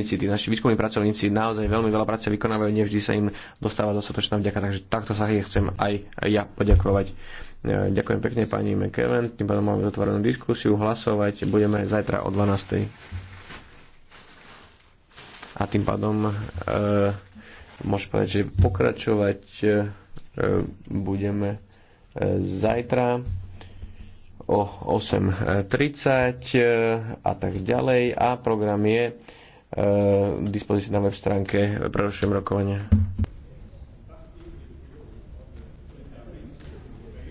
pracovníci, tí naši výskumní pracovníci naozaj veľmi veľa práce vykonávajú, nevždy sa im dostáva dostatočná vďaka, takže takto sa ich chcem aj ja poďakovať. E, ďakujem pekne pani McKeven, tým pádom máme otvorenú diskusiu, hlasovať budeme zajtra o 12. A tým pádom e, môžem povedať, že pokračovať e, budeme e, zajtra o 8.30 e, a tak ďalej a program je k eh, dispozícii na web stránke pre rokovania.